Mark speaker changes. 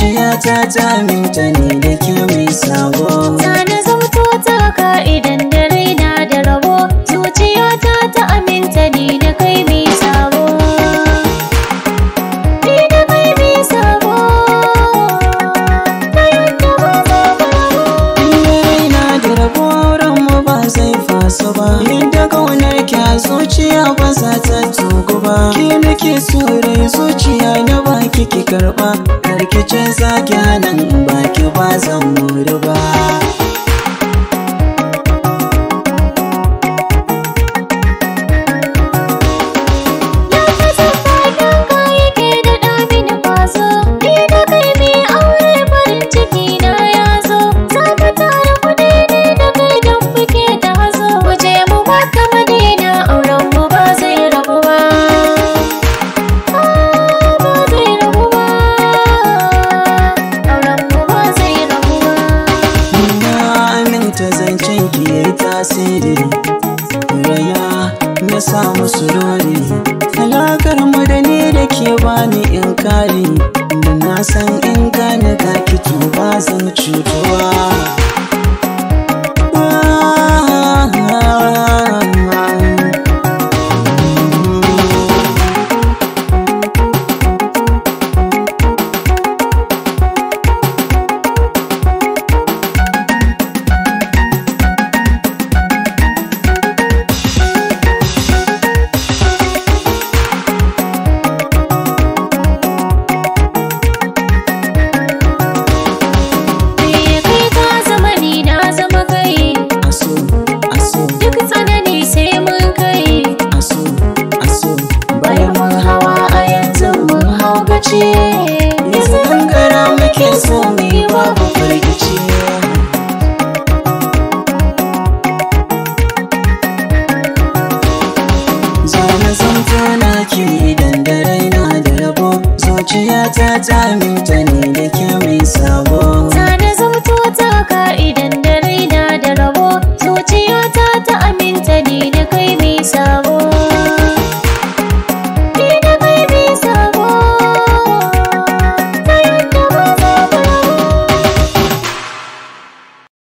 Speaker 1: zuciya ta ta minta ne da ke mai sabo Zane zauto
Speaker 2: ta ka idan da da rabo Zuciya ta ta aminta ne da kai mai sabo Ni da kai mai sabo
Speaker 3: Bayan da ba za ba Raina da rabo mu ba zai faso ba Yadda kaunar ki a zuciya ba za ta ba Ki nake so rai zuciya na baki ki karba Karkicin zaki nan baki ba zan muri ba sa musu dole alakar mu da ni da ke bani in kare da na san in gane ka ki ba zan cutuwa
Speaker 1: ta ta mutane ne da kyau mai sabo. da zamto ta ka